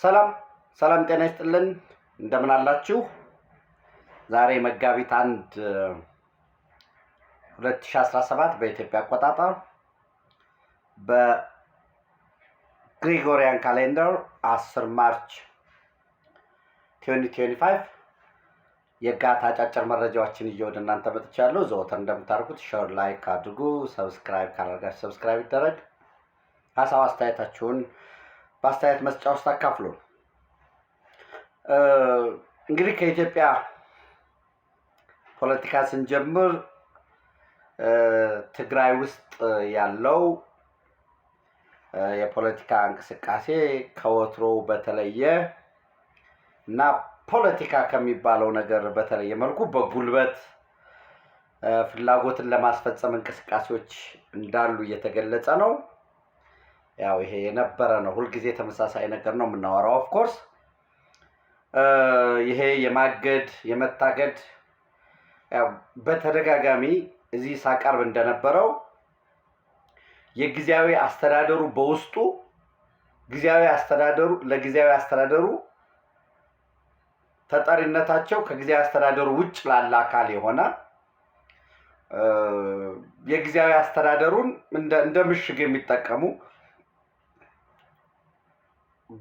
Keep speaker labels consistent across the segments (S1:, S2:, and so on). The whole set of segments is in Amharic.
S1: ሰላም ሰላም፣ ጤና ይስጥልን። እንደምን አላችሁ? ዛሬ መጋቢት አንድ 2017 በኢትዮጵያ አቆጣጠር በግሪጎሪያን ካሌንደር 10 ማርች 2025 የጋታ አጫጭር መረጃዎችን ይዤ ወደ እናንተ መጥቻለሁ። ዘወትር እንደምታደርጉት ሼር፣ ላይክ አድርጉ። ሰብስክራይብ ካላደረጋችሁ ሰብስክራይብ ይደረግ። ሀሳብ አስተያየታችሁን በአስተያየት መስጫ ውስጥ አካፍሎ እንግዲህ ከኢትዮጵያ ፖለቲካ ስንጀምር ትግራይ ውስጥ ያለው የፖለቲካ እንቅስቃሴ ከወትሮው በተለየ እና ፖለቲካ ከሚባለው ነገር በተለየ መልኩ በጉልበት ፍላጎትን ለማስፈጸም እንቅስቃሴዎች እንዳሉ እየተገለጸ ነው። ያው ይሄ የነበረ ነው። ሁልጊዜ ተመሳሳይ ነገር ነው የምናወራው። ኦፍኮርስ ይሄ የማገድ የመታገድ በተደጋጋሚ እዚህ ሳቀርብ እንደነበረው የጊዜያዊ አስተዳደሩ በውስጡ ጊዜያዊ አስተዳደሩ ለጊዜያዊ አስተዳደሩ ተጠሪነታቸው ከጊዜያዊ አስተዳደሩ ውጭ ላለ አካል የሆነ የጊዜያዊ አስተዳደሩን እንደ ምሽግ የሚጠቀሙ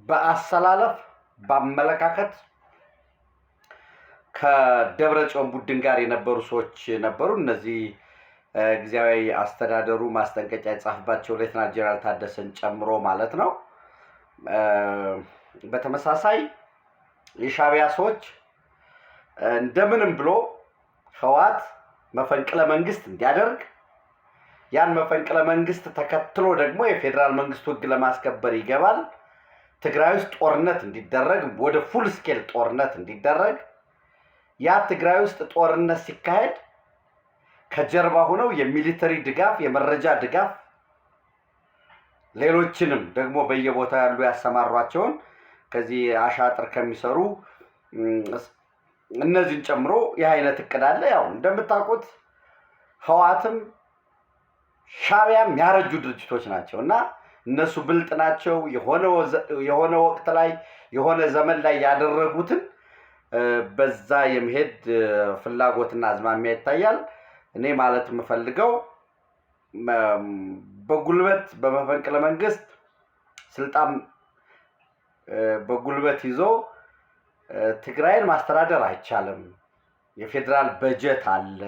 S1: በአሰላለፍ በአመለካከት ከደብረ ጽዮን ቡድን ጋር የነበሩ ሰዎች ነበሩ። እነዚህ ጊዜያዊ አስተዳደሩ ማስጠንቀቂያ የጻፍባቸው ሌተና ጄኔራል ታደሰን ጨምሮ ማለት ነው። በተመሳሳይ የሻቢያ ሰዎች እንደምንም ብሎ ህወሓት መፈንቅለ መንግስት እንዲያደርግ ያን መፈንቅለ መንግስት ተከትሎ ደግሞ የፌዴራል መንግስቱ ህግ ለማስከበር ይገባል ትግራይ ውስጥ ጦርነት እንዲደረግ ወደ ፉል ስኬል ጦርነት እንዲደረግ ያ ትግራይ ውስጥ ጦርነት ሲካሄድ ከጀርባ ሆነው የሚሊተሪ ድጋፍ፣ የመረጃ ድጋፍ፣ ሌሎችንም ደግሞ በየቦታው ያሉ ያሰማሯቸውን ከዚህ አሻጥር ከሚሰሩ እነዚህን ጨምሮ ይህ አይነት እቅድ አለ። ያው እንደምታውቁት ህዋትም ሻቢያም ያረጁ ድርጅቶች ናቸው እና እነሱ ብልጥ ናቸው። የሆነ ወቅት ላይ የሆነ ዘመን ላይ ያደረጉትን በዛ የመሄድ ፍላጎትና አዝማሚያ ይታያል። እኔ ማለት የምፈልገው በጉልበት በመፈንቅለ መንግስት ስልጣን በጉልበት ይዞ ትግራይን ማስተዳደር አይቻልም። የፌዴራል በጀት አለ።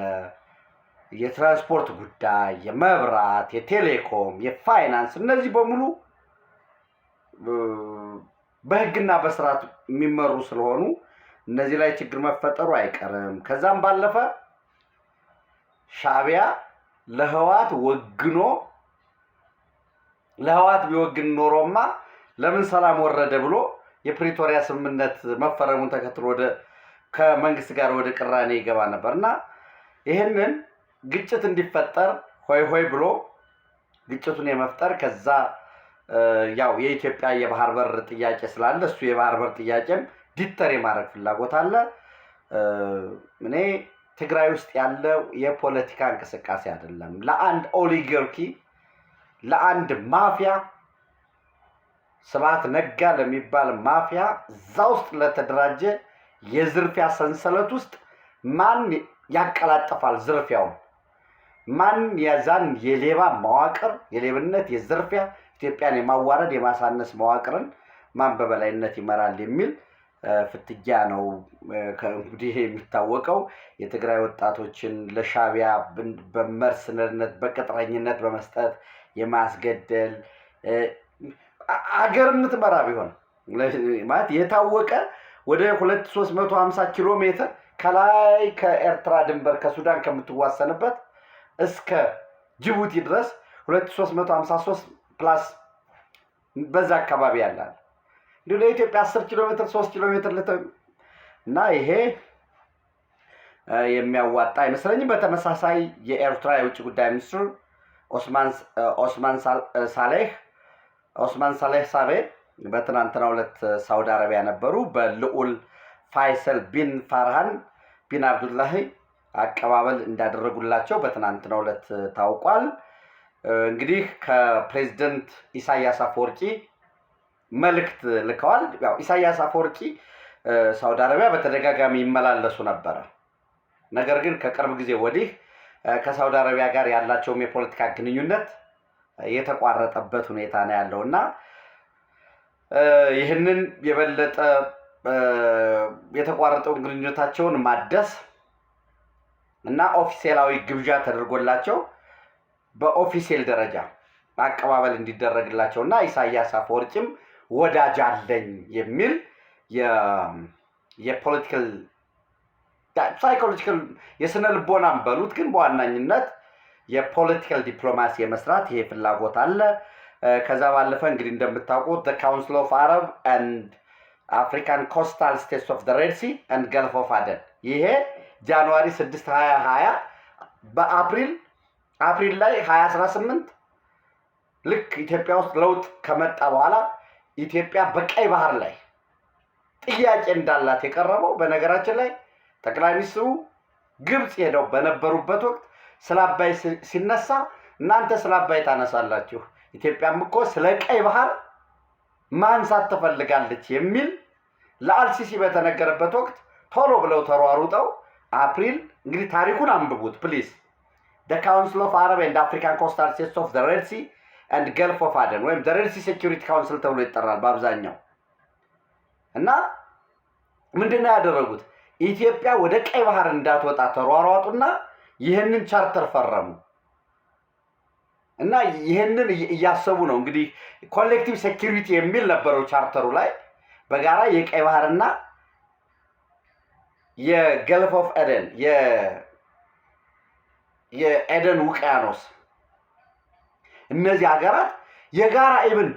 S1: የትራንስፖርት ጉዳይ፣ የመብራት፣ የቴሌኮም፣ የፋይናንስ እነዚህ በሙሉ በህግና በስርዓት የሚመሩ ስለሆኑ እነዚህ ላይ ችግር መፈጠሩ አይቀርም። ከዛም ባለፈ ሻቢያ ለህዋት ወግኖ ለህዋት ቢወግን ኖሮማ ለምን ሰላም ወረደ ብሎ የፕሪቶሪያ ስምምነት መፈረሙን ተከትሎ ወደ ከመንግስት ጋር ወደ ቅራኔ ይገባ ነበር እና ይህንን ግጭት እንዲፈጠር ሆይ ሆይ ብሎ ግጭቱን የመፍጠር ከዛ ያው የኢትዮጵያ የባህር በር ጥያቄ ስላለ እሱ የባህር በር ጥያቄም ዲተር የማድረግ ፍላጎት አለ። እኔ ትግራይ ውስጥ ያለው የፖለቲካ እንቅስቃሴ አይደለም፣ ለአንድ ኦሊጋርኪ ለአንድ ማፊያ ስብሐት ነጋ ለሚባል ማፊያ እዛ ውስጥ ለተደራጀ የዝርፊያ ሰንሰለት ውስጥ ማን ያቀላጥፋል ዝርፊያውን? ማን ያዛን የሌባ መዋቅር የሌብነት የዝርፊያ ኢትዮጵያን የማዋረድ የማሳነስ መዋቅርን ማን በበላይነት ይመራል የሚል ፍትጊያ ነው። ከእንግዲህ የሚታወቀው የትግራይ ወጣቶችን ለሻቢያ በመርስነርነት በቅጥረኝነት በመስጠት የማስገደል አገር የምትመራ ቢሆን ማለት የታወቀ ወደ ሁለት ሶስት መቶ ሀምሳ ኪሎ ሜትር ከላይ ከኤርትራ ድንበር ከሱዳን ከምትዋሰንበት እስከ ጅቡቲ ድረስ 2353 ፕላስ በዛ አካባቢ ያላል። እንዲሁ ለኢትዮጵያ 10 ኪሎ ሜትር 3 ኪሎ ሜትር እና ይሄ የሚያዋጣ አይመስለኝም። በተመሳሳይ የኤርትራ የውጭ ጉዳይ ሚኒስትር ኦስማን ሳሌህ ሳቤ በትናንትና ሁለት ሳውዲ አረቢያ ነበሩ። በልዑል ፋይሰል ቢን ፋርሃን ቢን አብዱላሂ አቀባበል እንዳደረጉላቸው በትናንትናው ዕለት ታውቋል። እንግዲህ ከፕሬዚደንት ኢሳያስ አፈወርቂ መልእክት ልከዋል። ያው ኢሳያስ አፈወርቂ ሳውዲ አረቢያ በተደጋጋሚ ይመላለሱ ነበረ። ነገር ግን ከቅርብ ጊዜ ወዲህ ከሳውዲ አረቢያ ጋር ያላቸውም የፖለቲካ ግንኙነት የተቋረጠበት ሁኔታ ነው ያለው እና ይህንን የበለጠ የተቋረጠውን ግንኙነታቸውን ማደስ እና ኦፊሴላዊ ግብዣ ተደርጎላቸው በኦፊሴል ደረጃ አቀባበል እንዲደረግላቸው እና ኢሳያስ አፈወርቂም ወዳጅ አለኝ የሚል የፖለቲካል ሳይኮሎጂካል የስነ ልቦናም በሉት ግን በዋናኝነት የፖለቲካል ዲፕሎማሲ የመስራት ይሄ ፍላጎት አለ። ከዛ ባለፈ እንግዲህ እንደምታውቁት ካውንስል ኦፍ አረብ አንድ አፍሪካን ኮስታል ስቴትስ ኦፍ ሬድ ሲ አንድ ገልፍ ኦፍ አደን ይሄ ጃንዋሪ 6 2020 በአፕሪል አፕሪል ላይ 2018 ልክ ኢትዮጵያ ውስጥ ለውጥ ከመጣ በኋላ ኢትዮጵያ በቀይ ባህር ላይ ጥያቄ እንዳላት የቀረበው በነገራችን ላይ ጠቅላይ ሚኒስትሩ ግብፅ ሄደው በነበሩበት ወቅት ስለ አባይ ሲነሳ እናንተ ስለ አባይ ታነሳላችሁ፣ ኢትዮጵያም እኮ ስለ ቀይ ባህር ማንሳት ትፈልጋለች የሚል ለአልሲሲ በተነገረበት ወቅት ቶሎ ብለው ተሯሩጠው አፕሪል እንግዲህ ታሪኩን አንብቡት ፕሊዝ ደ ካውንስል ኦፍ አረብ ኤንድ አፍሪካን ኮስታል ስቴትስ ኦፍ ዘሬድሲ ኤንድ ገልፍ ኦፍ አደን ወይም ዘሬድሲ ሴኪሪቲ ካውንስል ተብሎ ይጠራል በአብዛኛው እና ምንድን ነው ያደረጉት ኢትዮጵያ ወደ ቀይ ባህር እንዳትወጣ ተሯሯጡና ይህንን ቻርተር ፈረሙ እና ይህንን እያሰቡ ነው እንግዲህ ኮሌክቲቭ ሴኪሪቲ የሚል ነበረው ቻርተሩ ላይ በጋራ የቀይ ባህርና የገልፍ ኦፍ ኤደን የኤደን ውቅያኖስ እነዚህ ሀገራት የጋራ ኢብን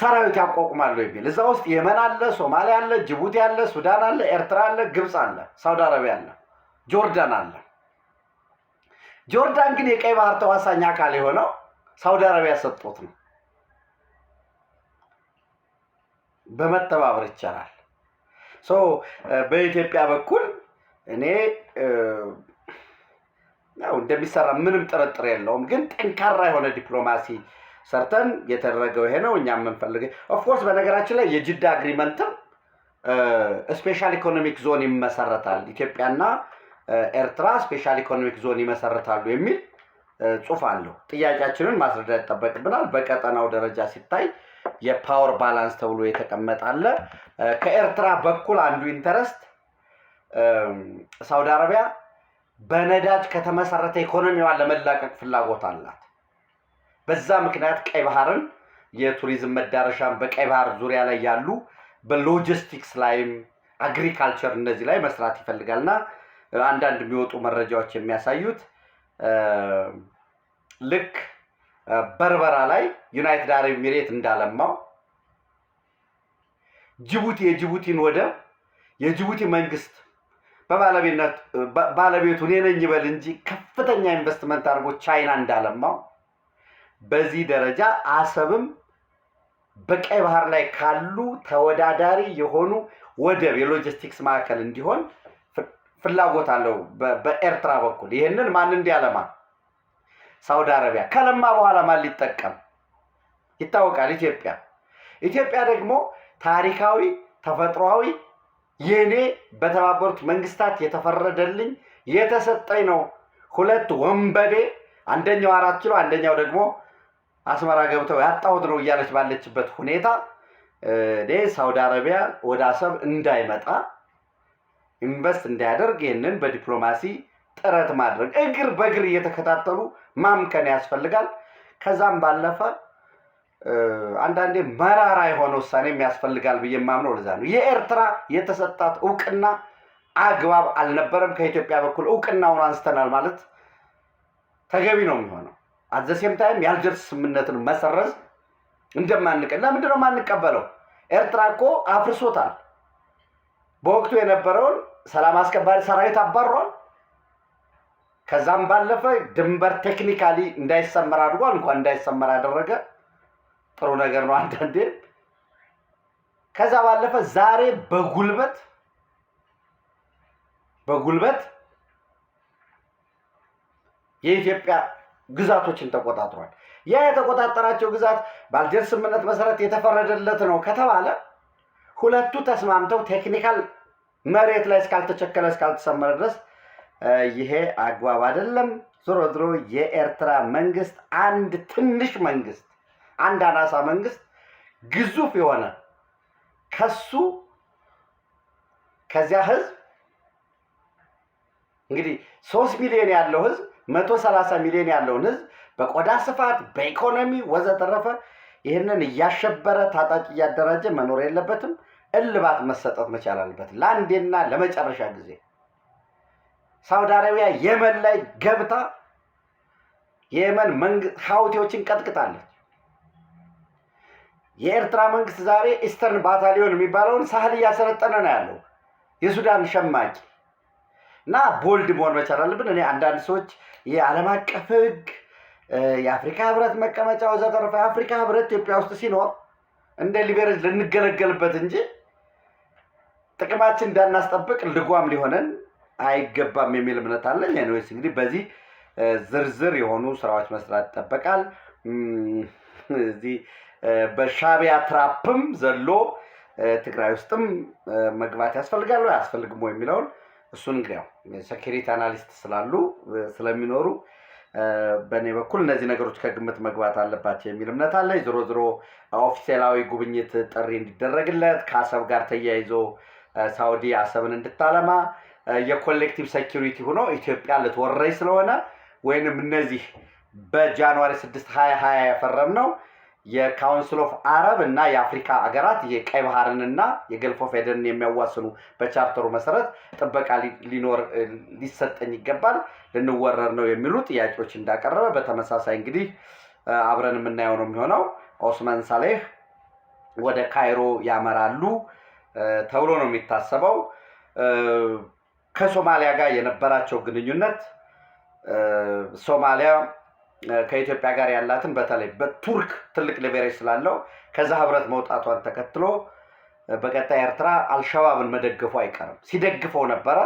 S1: ሰራዊት ያቋቁማሉ የሚል እዛ ውስጥ የመን አለ፣ ሶማሊያ አለ፣ ጅቡቲ አለ፣ ሱዳን አለ፣ ኤርትራ አለ፣ ግብፅ አለ፣ ሳውዲ አረቢያ አለ፣ ጆርዳን አለ። ጆርዳን ግን የቀይ ባህር ተዋሳኝ አካል የሆነው ሳውዲ አረቢያ ሰጥቶት ነው። በመተባበር ይቻላል። በኢትዮጵያ በኩል እኔ እንደሚሰራ ምንም ጥርጥር የለውም። ግን ጠንካራ የሆነ ዲፕሎማሲ ሰርተን የተደረገው ይሄ ነው። እኛ የምንፈልገ ኦፍኮርስ፣ በነገራችን ላይ የጅዳ አግሪመንትም ስፔሻል ኢኮኖሚክ ዞን ይመሰረታል፣ ኢትዮጵያና ኤርትራ ስፔሻል ኢኮኖሚክ ዞን ይመሰረታሉ የሚል ጽሑፍ አለው። ጥያቄያችንን ማስረዳት ይጠበቅብናል። በቀጠናው ደረጃ ሲታይ የፓወር ባላንስ ተብሎ የተቀመጠ አለ። ከኤርትራ በኩል አንዱ ኢንተረስት ሳውዲ አረቢያ በነዳጅ ከተመሰረተ ኢኮኖሚዋን ለመላቀቅ ፍላጎት አላት። በዛ ምክንያት ቀይ ባህርን የቱሪዝም መዳረሻን በቀይ ባህር ዙሪያ ላይ ያሉ በሎጂስቲክስ ላይም አግሪካልቸር እነዚህ ላይ መስራት ይፈልጋል እና አንዳንድ የሚወጡ መረጃዎች የሚያሳዩት ልክ በርበራ ላይ ዩናይትድ አረብ ኤሚሬት እንዳለማው ጅቡቲ የጅቡቲን ወደብ የጅቡቲ መንግስት በባለቤትነት ባለቤቱ እኔ ነኝ ይበል እንጂ ከፍተኛ ኢንቨስትመንት አድርጎ ቻይና እንዳለማው በዚህ ደረጃ አሰብም በቀይ ባህር ላይ ካሉ ተወዳዳሪ የሆኑ ወደብ የሎጂስቲክስ ማዕከል እንዲሆን ፍላጎት አለው በኤርትራ በኩል። ይህንን ማን እንዲያለማ ሳውዲ አረቢያ ከለማ በኋላ ማን ሊጠቀም ይታወቃል። ኢትዮጵያ ኢትዮጵያ ደግሞ ታሪካዊ ተፈጥሯዊ የእኔ በተባበሩት መንግስታት የተፈረደልኝ የተሰጠኝ ነው። ሁለት ወንበዴ አንደኛው አራት ኪሎ አንደኛው ደግሞ አስመራ ገብተው ያጣሁት ነው እያለች ባለችበት ሁኔታ እኔ ሳውዲ አረቢያ ወደ አሰብ እንዳይመጣ ኢንቨስት እንዳያደርግ ይህንን በዲፕሎማሲ ጥረት ማድረግ እግር በእግር እየተከታተሉ ማምከን ያስፈልጋል። ከዛም ባለፈ አንዳንዴ መራራ የሆነ ውሳኔም ያስፈልጋል ብዬ የማምነው ለዛ ነው። የኤርትራ የተሰጣት እውቅና አግባብ አልነበረም። ከኢትዮጵያ በኩል እውቅናውን አንስተናል ማለት ተገቢ ነው የሚሆነው። አዘሴም ታይም የአልጀርስ ስምምነትን መሰረዝ እንደማንቀ ለምንድን ነው የማንቀበለው? ኤርትራ እኮ አፍርሶታል። በወቅቱ የነበረውን ሰላም አስከባሪ ሰራዊት አባሯል። ከዛም ባለፈ ድንበር ቴክኒካሊ እንዳይሰመር አድርጓል። እንኳን እንዳይሰመር አደረገ። ጥሩ ነገር ነው አንዳንዴ። ከዛ ባለፈ ዛሬ በጉልበት በጉልበት የኢትዮጵያ ግዛቶችን ተቆጣጥሯል። ያ የተቆጣጠራቸው ግዛት በአልጀር ስምምነት መሰረት የተፈረደለት ነው ከተባለ ሁለቱ ተስማምተው ቴክኒካል መሬት ላይ እስካልተቸከለ እስካልተሰመረ ድረስ ይሄ አግባብ አይደለም። ዞሮ ዞሮ የኤርትራ መንግስት አንድ ትንሽ መንግስት፣ አንድ አናሳ መንግስት ግዙፍ የሆነ ከሱ ከዚያ ህዝብ እንግዲህ ሶስት ሚሊዮን ያለው ህዝብ መቶ ሰላሳ ሚሊዮን ያለውን ህዝብ በቆዳ ስፋት፣ በኢኮኖሚ ወዘተረፈ ይህንን እያሸበረ ታጣቂ እያደራጀ መኖር የለበትም። እልባት መሰጠት መቻል አለበት ለአንዴና ለመጨረሻ ጊዜ። ሳውዲ አረቢያ የመን ላይ ገብታ የየመን መንግስት ሀውቲዎችን ቀጥቅጣለች። የኤርትራ መንግስት ዛሬ ኢስተርን ባታሊዮን የሚባለውን ሳህል እያሰለጠነ ነው ያለው የሱዳን ሸማቂ እና ቦልድ መሆን መቻል አለብን። እኔ አንዳንድ ሰዎች የዓለም አቀፍ ህግ የአፍሪካ ህብረት መቀመጫ ወዘተረፈ የአፍሪካ ህብረት ኢትዮጵያ ውስጥ ሲኖር እንደ ሊበረጅ ልንገለገልበት እንጂ ጥቅማችን እንዳናስጠብቅ ልጓም ሊሆነን አይገባም የሚል እምነት አለን። ኤኒዌይስ እንግዲህ በዚህ ዝርዝር የሆኑ ስራዎች መስራት ይጠበቃል። እዚህ በሻቢያ ትራፕም ዘሎ ትግራይ ውስጥም መግባት ያስፈልጋሉ አያስፈልግም የሚለውን እሱን እንግዲህ ያው ሴኪሪቲ አናሊስት ስላሉ ስለሚኖሩ በእኔ በኩል እነዚህ ነገሮች ከግምት መግባት አለባቸው የሚል እምነት አለ። ዞሮ ዞሮ ኦፊሴላዊ ጉብኝት ጥሪ እንዲደረግለት ከአሰብ ጋር ተያይዞ ሳውዲ አሰብን እንድታለማ የኮሌክቲቭ ሴኪሪቲ ሆኖ ኢትዮጵያ ልትወረኝ ስለሆነ ወይንም እነዚህ በጃንዋሪ 6 2020 ያፈረም ነው የካውንስል ኦፍ አረብ እና የአፍሪካ አገራት የቀይ እና የገልፎ ፌደርን የሚያዋስኑ በቻርተሩ መሰረት ጥበቃ ሊኖር ሊሰጠኝ ይገባል፣ ልንወረር ነው የሚሉ ጥያቄዎች እንዳቀረበ በተመሳሳይ እንግዲህ አብረን የምናየው ነው የሚሆነው። ኦስማን ሳሌህ ወደ ካይሮ ያመራሉ ተብሎ ነው የሚታሰበው። ከሶማሊያ ጋር የነበራቸው ግንኙነት ሶማሊያ ከኢትዮጵያ ጋር ያላትን በተለይ በቱርክ ትልቅ ሊቨሬጅ ስላለው ከዛ ህብረት መውጣቷን ተከትሎ በቀጣይ ኤርትራ አልሸባብን መደገፉ አይቀርም። ሲደግፈው ነበረ፣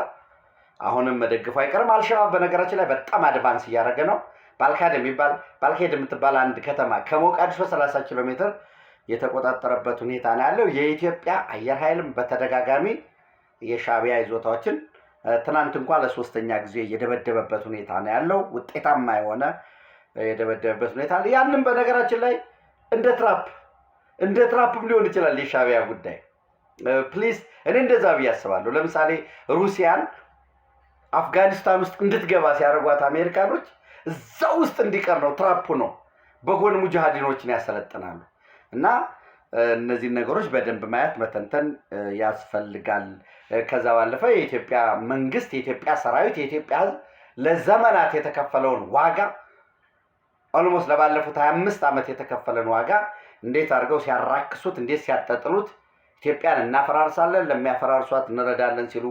S1: አሁንም መደግፉ አይቀርም። አልሸባብ በነገራችን ላይ በጣም አድቫንስ እያደረገ ነው። ባልካድ የሚባል ባልካድ የምትባል አንድ ከተማ ከሞቃዲሾ 30 ኪሎ ሜትር የተቆጣጠረበት ሁኔታ ነው ያለው። የኢትዮጵያ አየር ኃይልም በተደጋጋሚ የሻቢያ ይዞታዎችን ትናንት እንኳ ለሶስተኛ ጊዜ የደበደበበት ሁኔታ ነው ያለው። ውጤታማ የሆነ የደበደበበት ሁኔታ አለ። ያንም በነገራችን ላይ እንደ ትራፕ እንደ ትራፕም ሊሆን ይችላል የሻቢያ ጉዳይ። ፕሊስ። እኔ እንደዛ ብዬ አስባለሁ። ለምሳሌ ሩሲያን አፍጋኒስታን ውስጥ እንድትገባ ሲያደርጓት አሜሪካኖች እዛ ውስጥ እንዲቀር ነው ትራፑ ነው። በጎን ሙጃሃዲኖችን ያሰለጥናሉ እና እነዚህን ነገሮች በደንብ ማየት መተንተን ያስፈልጋል። ከዛ ባለፈ የኢትዮጵያ መንግስት፣ የኢትዮጵያ ሰራዊት፣ የኢትዮጵያ ህዝብ ለዘመናት የተከፈለውን ዋጋ ኦልሞስት ለባለፉት ሀያ አምስት ዓመት የተከፈለን ዋጋ እንዴት አድርገው ሲያራክሱት፣ እንዴት ሲያጠጥሉት ኢትዮጵያን እናፈራርሳለን፣ ለሚያፈራርሷት እንረዳለን ሲሉ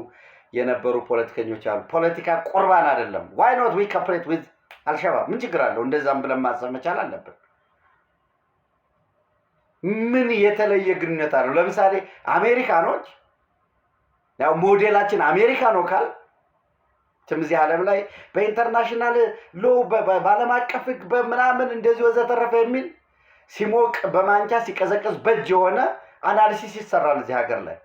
S1: የነበሩ ፖለቲከኞች አሉ። ፖለቲካ ቁርባን አይደለም። ዋይ ኖት ዊ ኮፕሬት ዊዝ አልሸባብ ምን ችግር አለው? እንደዛም ብለን ማሰብ መቻል አለብን። ምን የተለየ ግንኙነት አለው? ለምሳሌ አሜሪካኖች ያው ሞዴላችን አሜሪካ ነው ካል ትምዚህ ዓለም ላይ በኢንተርናሽናል ሎ በዓለም አቀፍ ህግ በምናምን እንደዚህ ወዘተረፈ የሚል ሲሞቅ በማንኪያ ሲቀዘቀዝ በእጅ የሆነ አናሊሲስ ይሰራል እዚህ ሀገር ላይ።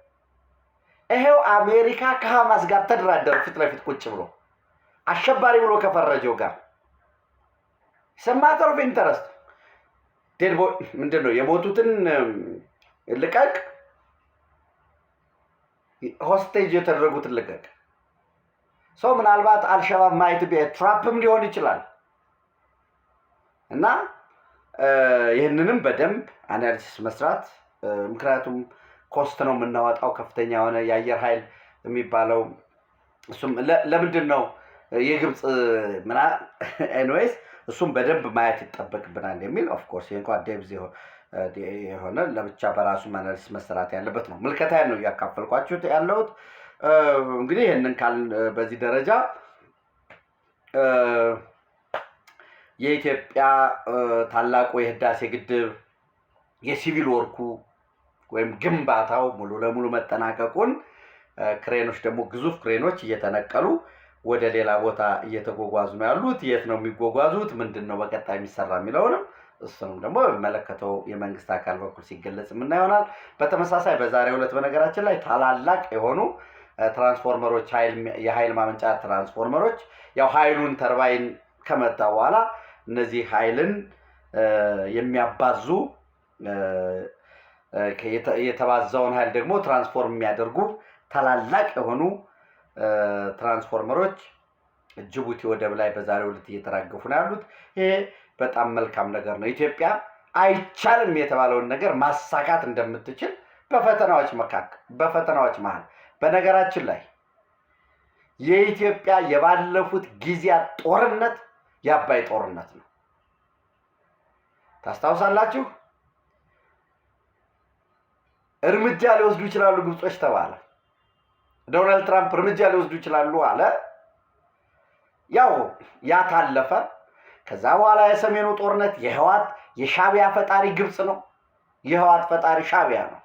S1: ይሄው አሜሪካ ከሃማስ ጋር ተደራደረ ፊት ለፊት ቁጭ ብሎ አሸባሪ ብሎ ከፈረጀው ጋር ስማተር ኦፍ ኢንተረስት ዴድ ምንድን ነው የሞቱትን ልቀቅ፣ ሆስቴጅ የተደረጉትን ልቀቅ። ሰው ምናልባት አልሸባብ ማየት ትራፕም ሊሆን ይችላል እና ይህንንም በደንብ አናሊሲስ መስራት ምክንያቱም ኮስት ነው የምናወጣው ከፍተኛ የሆነ የአየር ኃይል የሚባለው እሱም ለምንድን ነው የግብፅ ምና ኤንዌይስ እሱም በደንብ ማየት ይጠበቅብናል የሚል ኦፍኮርስ እንኳን ዴብዝ የሆነ ለብቻ በራሱ መነልስ መሰራት ያለበት ነው። ምልከታ ነው እያካፈልኳችሁት ያለሁት። እንግዲህ ይህንን ካል በዚህ ደረጃ የኢትዮጵያ ታላቁ የህዳሴ ግድብ የሲቪል ወርኩ ወይም ግንባታው ሙሉ ለሙሉ መጠናቀቁን ክሬኖች ደግሞ ግዙፍ ክሬኖች እየተነቀሉ ወደ ሌላ ቦታ እየተጓጓዙ ነው ያሉት። የት ነው የሚጓጓዙት? ምንድን ነው በቀጣይ የሚሰራ የሚለውንም እሱንም ደግሞ በሚመለከተው የመንግስት አካል በኩል ሲገለጽ የምና ይሆናል። በተመሳሳይ በዛሬ ዕለት በነገራችን ላይ ታላላቅ የሆኑ ትራንስፎርመሮች የኃይል ማመንጫ ትራንስፎርመሮች ያው ኃይሉን ተርባይን ከመጣ በኋላ እነዚህ ኃይልን የሚያባዙ የተባዛውን ኃይል ደግሞ ትራንስፎርም የሚያደርጉ ታላላቅ የሆኑ ትራንስፎርመሮች ጅቡቲ ወደብ ላይ በዛሬው ዕለት እየተራገፉ ነው ያሉት። ይሄ በጣም መልካም ነገር ነው። ኢትዮጵያ አይቻልም የተባለውን ነገር ማሳካት እንደምትችል በፈተናዎች መካከል በፈተናዎች መሀል በነገራችን ላይ የኢትዮጵያ የባለፉት ጊዜያት ጦርነት የአባይ ጦርነት ነው። ታስታውሳላችሁ። እርምጃ ሊወስዱ ይችላሉ ግብጾች ተባለ። ዶናልድ ትራምፕ እርምጃ ሊወስዱ ይችላሉ አለ። ያው ያ ታለፈ። ከዛ በኋላ የሰሜኑ ጦርነት የህዋት የሻቢያ ፈጣሪ ግብፅ ነው። የህዋት ፈጣሪ ሻቢያ ነው።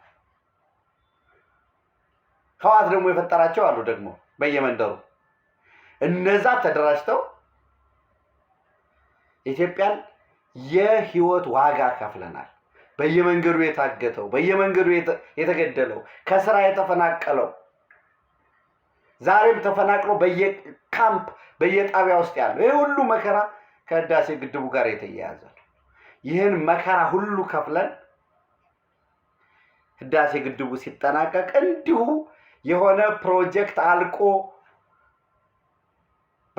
S1: ህዋት ደግሞ የፈጠራቸው አሉ ደግሞ በየመንደሩ እነዛ ተደራጅተው ኢትዮጵያን የህይወት ዋጋ ከፍለናል። በየመንገዱ የታገተው፣ በየመንገዱ የተገደለው፣ ከስራ የተፈናቀለው ዛሬም ተፈናቅሎ በየካምፕ በየጣቢያ ውስጥ ያለው ይህ ሁሉ መከራ ከህዳሴ ግድቡ ጋር የተያያዘ ነው። ይህን መከራ ሁሉ ከፍለን ህዳሴ ግድቡ ሲጠናቀቅ እንዲሁ የሆነ ፕሮጀክት አልቆ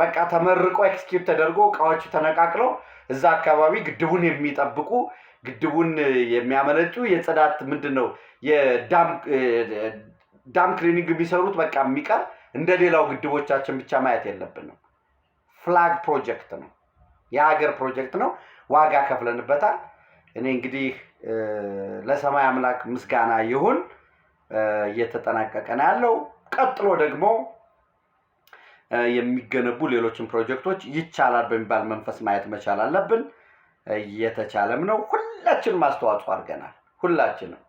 S1: በቃ ተመርቆ ኤክስኪዩት ተደርጎ እቃዎቹ ተነቃቅለው እዛ አካባቢ ግድቡን የሚጠብቁ ግድቡን የሚያመነጩ የጽዳት ምንድን ነው የዳም ክሊኒንግ የሚሰሩት በቃ የሚቀር እንደ ሌላው ግድቦቻችን ብቻ ማየት የለብንም። ፍላግ ፕሮጀክት ነው፣ የሀገር ፕሮጀክት ነው። ዋጋ ከፍለንበታል። እኔ እንግዲህ ለሰማይ አምላክ ምስጋና ይሁን፣ እየተጠናቀቀ ነው ያለው። ቀጥሎ ደግሞ የሚገነቡ ሌሎችን ፕሮጀክቶች ይቻላል በሚባል መንፈስ ማየት መቻል አለብን። እየተቻለም ነው። ሁላችንም አስተዋጽኦ አድርገናል። ሁላችንም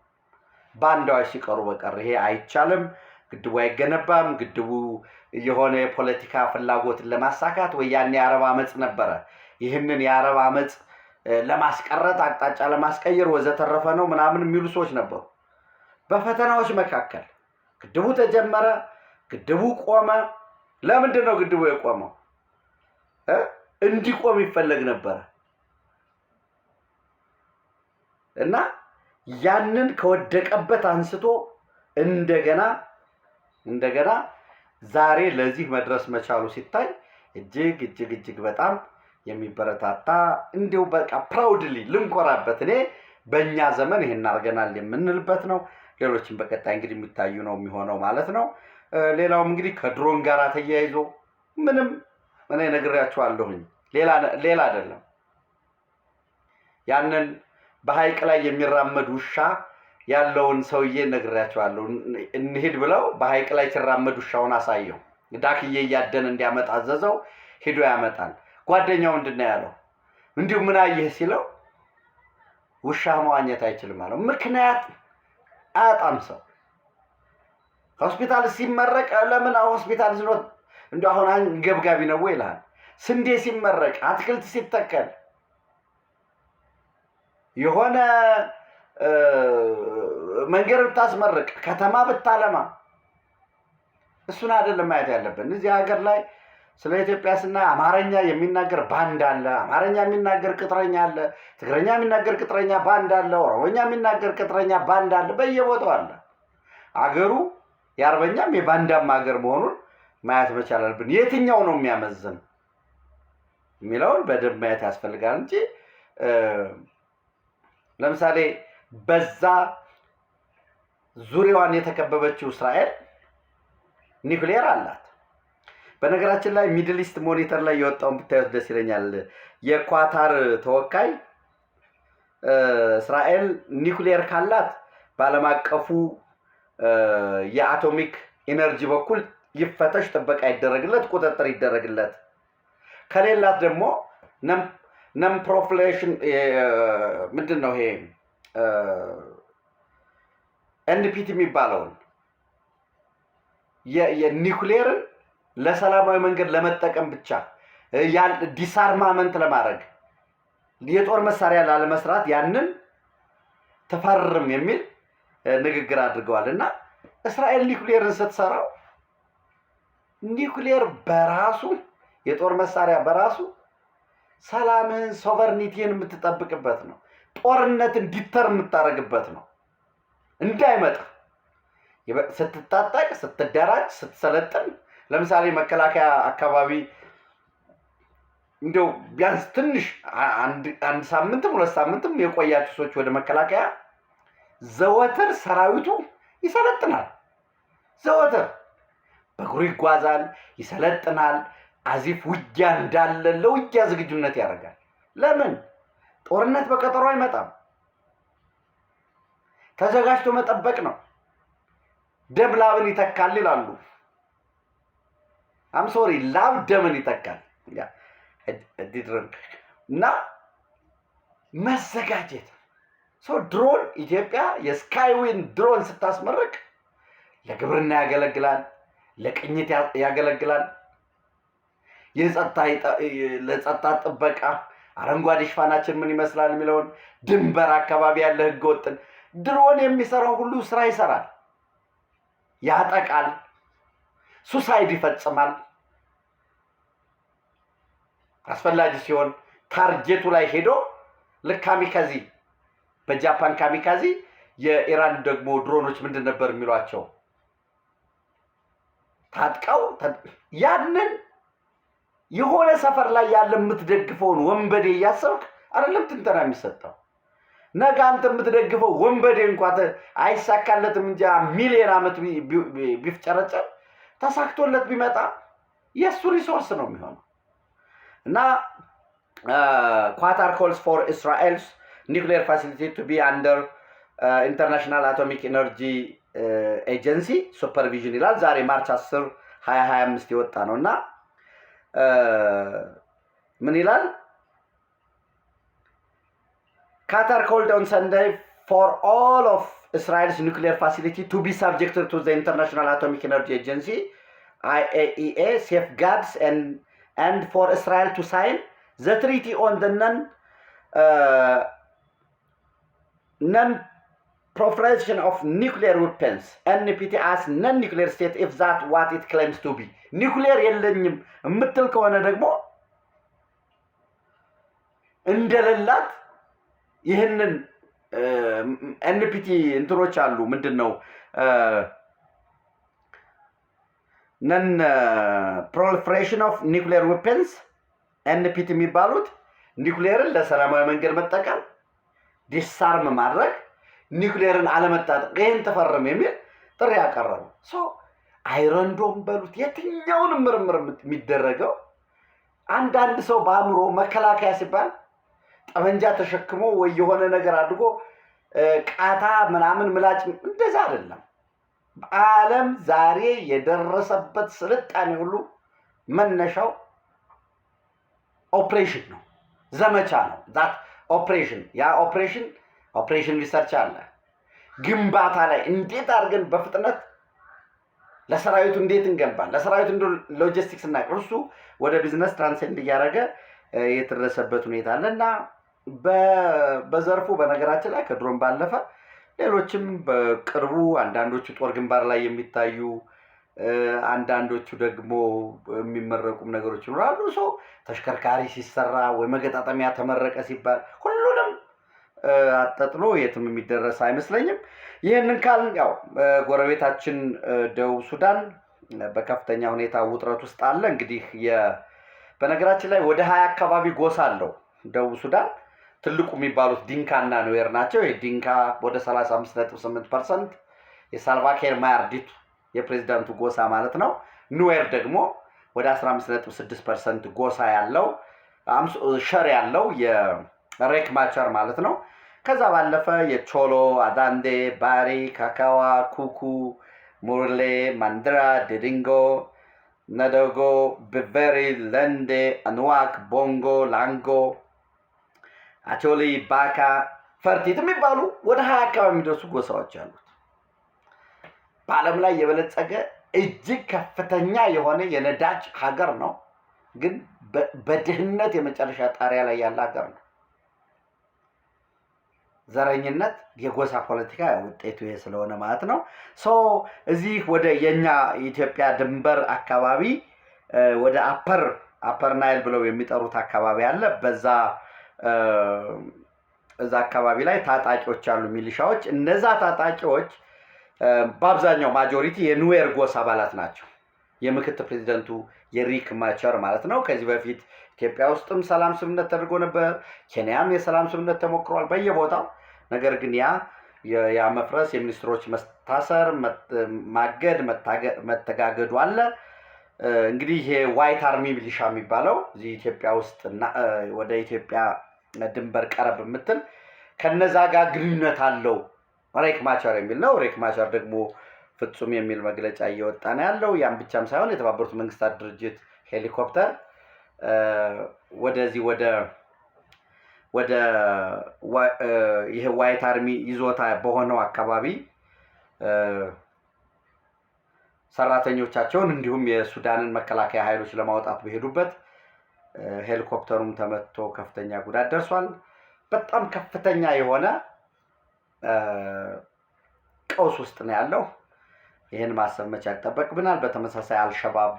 S1: ባንዳዎች ሲቀሩ በቀር ይሄ አይቻልም። ግድቡ አይገነባም፣ ግድቡ የሆነ የፖለቲካ ፍላጎትን ለማሳካት ወይ ያን የአረብ አመፅ ነበረ። ይህንን የአረብ አመፅ ለማስቀረት አቅጣጫ ለማስቀየር ወዘተረፈ ነው ምናምን የሚሉ ሰዎች ነበሩ። በፈተናዎች መካከል ግድቡ ተጀመረ፣ ግድቡ ቆመ። ለምንድን ነው ግድቡ የቆመው? እንዲቆም ይፈለግ ነበረ እና ያንን ከወደቀበት አንስቶ እንደገና እንደገና ዛሬ ለዚህ መድረስ መቻሉ ሲታይ እጅግ እጅግ እጅግ በጣም የሚበረታታ እንዲሁ በቃ ፕራውድሊ ልንኮራበት እኔ በእኛ ዘመን ይሄን አድርገናል የምንልበት ነው። ሌሎችም በቀጣይ እንግዲህ የሚታዩ ነው የሚሆነው ማለት ነው። ሌላውም እንግዲህ ከድሮን ጋር ተያይዞ ምንም እኔ ነግሬያችኋለሁኝ፣ ሌላ አይደለም። ያንን በሀይቅ ላይ የሚራመድ ውሻ ያለውን ሰውዬ ነግሬያቸዋለሁ። እንሂድ ብለው በሀይቅ ላይ ሲራመድ ውሻውን አሳየው። ዳክዬ እያደን እንዲያመጣ አዘዘው። ሂዶ ያመጣል። ጓደኛው ምንድን ነው ያለው? እንዲሁ ምን አየህ ሲለው ውሻ መዋኘት አይችልም አለው። ምክንያት አያጣም ሰው ሆስፒታል ሲመረቅ ለምን ሆስፒታል ዝኖት እንዲ አሁን አንገብጋቢ ነው ወይ ይልሃል። ስንዴ ሲመረቅ፣ አትክልት ሲተከል የሆነ መንገድ ብታስመርቅ፣ ከተማ ብታለማ፣ እሱን አይደለም ማየት ያለብን። እዚህ ሀገር ላይ ስለ ኢትዮጵያ ስና አማርኛ የሚናገር ባንድ አለ፣ አማርኛ የሚናገር ቅጥረኛ አለ፣ ትግረኛ የሚናገር ቅጥረኛ ባንድ አለ፣ ኦሮሞኛ የሚናገር ቅጥረኛ ባንድ አለ፣ በየቦታው አለ። አገሩ የአርበኛም የባንዳም ሀገር መሆኑን ማየት መቻል አለብን። የትኛው ነው የሚያመዝን የሚለውን በደንብ ማየት ያስፈልጋል እንጂ ለምሳሌ በዛ ዙሪያዋን የተከበበችው እስራኤል ኒውክሌር አላት። በነገራችን ላይ ሚድል ኢስት ሞኒተር ላይ የወጣውን ብታዩት ደስ ይለኛል። የኳታር ተወካይ እስራኤል ኒውክሌር ካላት በዓለም አቀፉ የአቶሚክ ኢነርጂ በኩል ይፈተሽ፣ ጥበቃ ይደረግለት፣ ቁጥጥር ይደረግለት። ከሌላት ደግሞ ነምፕሮፍሌሽን ምንድን ነው ይሄ ኤንፒቲ የሚባለውን የኒኩሌርን ለሰላማዊ መንገድ ለመጠቀም ብቻ ዲሳርማመንት ለማድረግ የጦር መሳሪያ ላለመስራት ያንን ተፈርም የሚል ንግግር አድርገዋል እና እስራኤል ኒኩሌርን ስትሰራው ኒኩሌር በራሱ የጦር መሳሪያ በራሱ ሰላምን ሶቨርኒቲን የምትጠብቅበት ነው። ጦርነትን ዲተር የምታደርግበት ነው እንዳይመጣ ስትታጠቅ፣ ስትደራጅ፣ ስትሰለጥን ለምሳሌ መከላከያ አካባቢ እንዲው ቢያንስ ትንሽ አንድ ሳምንትም ሁለት ሳምንትም የቆያችሁ ሰዎች ወደ መከላከያ ዘወትር ሰራዊቱ ይሰለጥናል። ዘወትር በእግሩ ይጓዛል፣ ይሰለጥናል። አዚፍ ውጊያ እንዳለ ለውጊያ ዝግጁነት ያደርጋል። ለምን ጦርነት በቀጠሮ አይመጣም። ተዘጋጅቶ መጠበቅ ነው። ደም ላብን ይተካል ይላሉ። አም ሶሪ ላብ ደምን ይተካል እና መዘጋጀት ሰው ድሮን ኢትዮጵያ የስካይዊን ድሮን ስታስመርቅ ለግብርና ያገለግላል፣ ለቅኝት ያገለግላል፣ ለጸጥታ ጥበቃ አረንጓዴ ሽፋናችን ምን ይመስላል የሚለውን ድንበር አካባቢ ያለ ህገወጥን ድሮን የሚሰራው ሁሉ ስራ ይሰራል፣ ያጠቃል፣ ሱሳይድ ይፈጽማል። አስፈላጊ ሲሆን ታርጌቱ ላይ ሄዶ ልክ ካሚካዚ በጃፓን ካሚካዚ የኢራን ደግሞ ድሮኖች ምንድን ነበር የሚሏቸው ታጥቀው ያንን የሆነ ሰፈር ላይ ያለ የምትደግፈውን ወንበዴ እያሰብክ አይደለም ትንተና የሚሰጠው። ነገ አንተ የምትደግፈው ወንበዴ እንኳ አይሳካለትም እንጂ ሚሊዮን ዓመት ቢፍጨረጨር ተሳክቶለት ቢመጣ የእሱ ሪሶርስ ነው የሚሆነው። እና ኳታር ኮልስ ፎር እስራኤልስ ኒክሌር ፋሲሊቲ ቱ ቢ አንደር ኢንተርናሽናል አቶሚክ ኤነርጂ ኤጀንሲ ሱፐርቪዥን ይላል። ዛሬ ማርች 10 2025 የወጣ ነው እና ምን ይላል? ካታር ኮልድ ኦን ሰንደይ ፎር ኦል ኦፍ እስራኤልስ ኒክሊየር ፋሲሊቲ ቱ ቢ ሳብጀክትድ ቱ ዘ ኢንተርናሽናል አቶሚክ ኤነርጂ ኤጀንሲ አይኤኢኤ ሴፍ ጋርድስ ኤንድ ፎር እስራኤል ቱ ሳይን ዘ ትሪቲ ኦን ነን ነን ፕሮፈሬሽን ኦፍ ኒኩሌር ዌፐንስ ኤንፒቲ አስ ነን ኒኩሌር ስቴት ኢፍ ዛት ዋት ኢት ክሌምስ ቱ ቢ ኒኩሌር የለኝም የምትል ከሆነ ደግሞ እንደሌላት ይህንን ኤንፒቲ እንትኖች አሉ። ምንድን ነው ነን ፕሮሊፍሬሽን ኦፍ ኒኩሌር ዌፐንስ ኤንፒቲ የሚባሉት ኒኩሌርን ለሰላማዊ መንገድ መጠቀም፣ ዲሳርም ማድረግ ኒውክሌርን አለመጣጠቅ ይህን ተፈረም የሚል ጥሪ ያቀረቡ ሰው አይረንዶም በሉት የትኛውን ምርምር የሚደረገው አንዳንድ ሰው በአእምሮ መከላከያ ሲባል ጠመንጃ ተሸክሞ ወይ የሆነ ነገር አድርጎ ቃታ ምናምን ምላጭ እንደዛ አይደለም። በዓለም ዛሬ የደረሰበት ስልጣኔ ሁሉ መነሻው ኦፕሬሽን ነው፣ ዘመቻ ነው። ኦፕሬሽን ያ ኦፕሬሽን ኦፕሬሽን ሪሰርች አለ። ግንባታ ላይ እንዴት አድርገን በፍጥነት ለሰራዊቱ እንዴት እንገንባል፣ ለሰራዊቱ እንደ ሎጂስቲክስ እና እርሱ ወደ ቢዝነስ ትራንሴንድ እያደረገ የተደረሰበት ሁኔታ አለ እና በዘርፉ በነገራችን ላይ ከድሮን ባለፈ ሌሎችም በቅርቡ አንዳንዶቹ ጦር ግንባር ላይ የሚታዩ አንዳንዶቹ ደግሞ የሚመረቁም ነገሮች ይኖራሉ። ሰው ተሽከርካሪ ሲሰራ ወይ መገጣጠሚያ ተመረቀ ሲባል አጣጥሎ የትም የሚደረስ አይመስለኝም። ይህንን ካል ያው ጎረቤታችን ደቡብ ሱዳን በከፍተኛ ሁኔታ ውጥረት ውስጥ አለ። እንግዲህ በነገራችን ላይ ወደ ሀያ አካባቢ ጎሳ አለው ደቡብ ሱዳን ትልቁ የሚባሉት ዲንካ እና ኑዌር ናቸው። ዲንካ ወደ 35.8 ፐርሰንት የሳልቫኬር ማያርዲቱ የፕሬዚዳንቱ ጎሳ ማለት ነው። ኑዌር ደግሞ ወደ 15.6 ፐርሰንት ጎሳ ያለው ሸር ያለው የሬክ ማቸር ማለት ነው። ከዛ ባለፈ የቾሎ አዛንዴ፣ ባሪ፣ ካካዋ፣ ኩኩ፣ ሙርሌ፣ ማንድራ፣ ድድንጎ፣ ነደጎ፣ ብቨሪ፣ ለንዴ፣ አንዋክ፣ ቦንጎ፣ ላንጎ፣ አቾሊ፣ ባካ፣ ፈርቲት የሚባሉ ወደ ሀያ አካባቢ የሚደርሱ ጎሳዎች አሉት። በዓለም ላይ የበለጸገ እጅግ ከፍተኛ የሆነ የነዳጅ ሀገር ነው። ግን በድህነት የመጨረሻ ጣሪያ ላይ ያለ ሀገር ነው። ዘረኝነት የጎሳ ፖለቲካ ውጤቱ ይሄ ስለሆነ ማለት ነው። ሶ እዚህ ወደ የኛ ኢትዮጵያ ድንበር አካባቢ ወደ አፐር አፐር ናይል ብለው የሚጠሩት አካባቢ አለ። በዛ እዛ አካባቢ ላይ ታጣቂዎች አሉ፣ ሚሊሻዎች፣ እነዛ ታጣቂዎች በአብዛኛው ማጆሪቲ የኑዌር ጎሳ አባላት ናቸው። የምክትል ፕሬዚደንቱ የሪክ ማቸር ማለት ነው። ከዚህ በፊት ኢትዮጵያ ውስጥም ሰላም ስምምነት ተደርጎ ነበር። ኬንያም የሰላም ስምምነት ተሞክሯል በየቦታው። ነገር ግን ያ ያ መፍረስ የሚኒስትሮች መታሰር፣ ማገድ፣ መተጋገዱ አለ። እንግዲህ ይሄ ዋይት አርሚ ሚሊሻ የሚባለው እዚህ ኢትዮጵያ ውስጥ ወደ ኢትዮጵያ ድንበር ቀረብ የምትል ከነዛ ጋር ግንኙነት አለው ሬክ ማቸር የሚል ነው። ሬክ ማቸር ደግሞ ፍጹም የሚል መግለጫ እየወጣ ነው ያለው። ያም ብቻም ሳይሆን የተባበሩት መንግስታት ድርጅት ሄሊኮፕተር ወደዚህ ወደ ወደ ይህ ዋይት አርሚ ይዞታ በሆነው አካባቢ ሰራተኞቻቸውን እንዲሁም የሱዳንን መከላከያ ኃይሎች ለማውጣት በሄዱበት ሄሊኮፕተሩም ተመትቶ ከፍተኛ ጉዳት ደርሷል። በጣም ከፍተኛ የሆነ ቀውስ ውስጥ ነው ያለው። ይህን ማሰብ መቻል ይጠበቅብናል። በተመሳሳይ አልሸባብ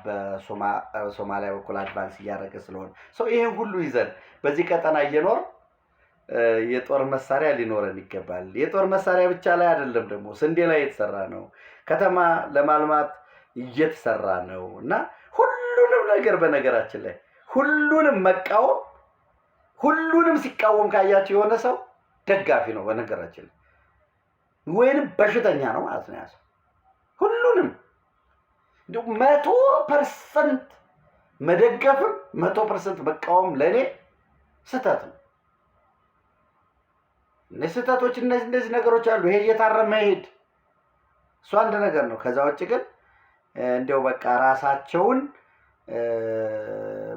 S1: በሶማሊያ በኩል አድቫንስ እያደረገ ስለሆነ ይህን ሁሉ ይዘን በዚህ ቀጠና እየኖር የጦር መሳሪያ ሊኖረን ይገባል። የጦር መሳሪያ ብቻ ላይ አይደለም ደግሞ ስንዴ ላይ የተሰራ ነው። ከተማ ለማልማት እየተሰራ ነው እና ሁሉንም ነገር በነገራችን ላይ ሁሉንም መቃወም ሁሉንም ሲቃወም ካያቸው የሆነ ሰው ደጋፊ ነው በነገራችን ላይ ወይንም በሽተኛ ነው ማለት ነው። ሁሉንም መቶ ፐርሰንት መደገፍም መቶ ፐርሰንት መቃወም ለእኔ ስህተት ነው። ስህተቶች እነዚህ እነዚህ ነገሮች አሉ። ይሄ እየታረመ መሄድ እሱ አንድ ነገር ነው። ከዛ ውጭ ግን እንዲያው በቃ ራሳቸውን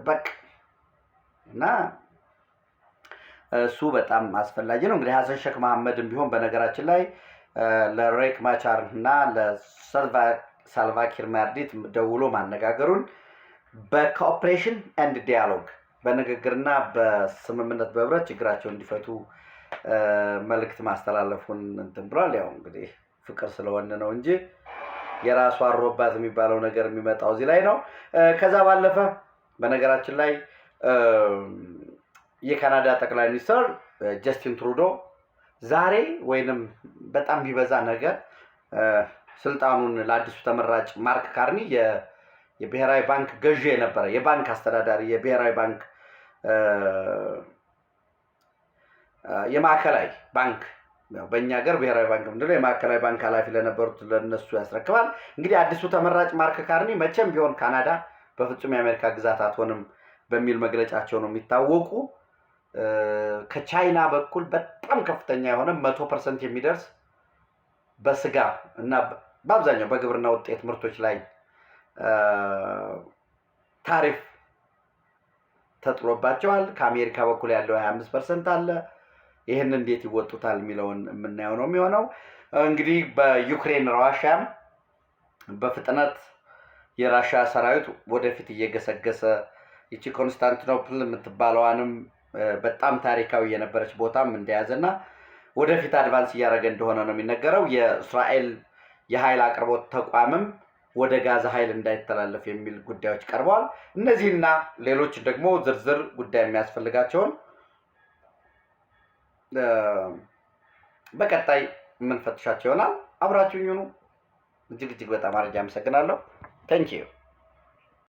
S1: በቃ እና እሱ በጣም አስፈላጊ ነው። እንግዲህ ሀሰን ሼክ መሀመድም ቢሆን በነገራችን ላይ ለሬክ ማቻር እና ለሳልቫኪር ማያርዲት ደውሎ ማነጋገሩን በኮኦፕሬሽን ኤንድ ዲያሎግ በንግግርና በስምምነት በህብረት ችግራቸውን እንዲፈቱ መልእክት ማስተላለፉን እንትን ብሏል። ያው እንግዲህ ፍቅር ስለሆነ ነው እንጂ የራሱ አሮባት የሚባለው ነገር የሚመጣው እዚህ ላይ ነው። ከዛ ባለፈ በነገራችን ላይ የካናዳ ጠቅላይ ሚኒስትር ጀስቲን ትሩዶ ዛሬ ወይንም በጣም ቢበዛ ነገር ስልጣኑን ለአዲሱ ተመራጭ ማርክ ካርኒ የብሔራዊ ባንክ ገዢ የነበረ የባንክ አስተዳዳሪ የብሔራዊ ባንክ የማዕከላዊ ባንክ በእኛ ሀገር ብሔራዊ ባንክ ምንድነው የማዕከላዊ ባንክ ኃላፊ ለነበሩት ለነሱ ያስረክባል። እንግዲህ አዲሱ ተመራጭ ማርክ ካርኒ መቼም ቢሆን ካናዳ በፍጹም የአሜሪካ ግዛት አትሆንም በሚል መግለጫቸው ነው የሚታወቁ። ከቻይና በኩል በጣም ከፍተኛ የሆነ መቶ ፐርሰንት የሚደርስ በስጋ እና በአብዛኛው በግብርና ውጤት ምርቶች ላይ ታሪፍ ተጥሎባቸዋል። ከአሜሪካ በኩል ያለው ሀያ አምስት ፐርሰንት አለ። ይህን እንዴት ይወጡታል የሚለውን የምናየው ነው የሚሆነው። እንግዲህ በዩክሬን ራሽያም በፍጥነት የራሽያ ሰራዊት ወደፊት እየገሰገሰ ይቺ ኮንስታንቲኖፕል የምትባለዋንም በጣም ታሪካዊ የነበረች ቦታም እንደያዘ እና ወደፊት አድቫንስ እያደረገ እንደሆነ ነው የሚነገረው። የእስራኤል የኃይል አቅርቦት ተቋምም ወደ ጋዛ ኃይል እንዳይተላለፍ የሚል ጉዳዮች ቀርበዋል። እነዚህና ሌሎች ደግሞ ዝርዝር ጉዳይ የሚያስፈልጋቸውን በቀጣይ የምንፈትሻቸው ይሆናል። አብራችሁ ይሁኑ። እጅግ እጅግ በጣም አርጃ አመሰግናለሁ። ተንኪዩ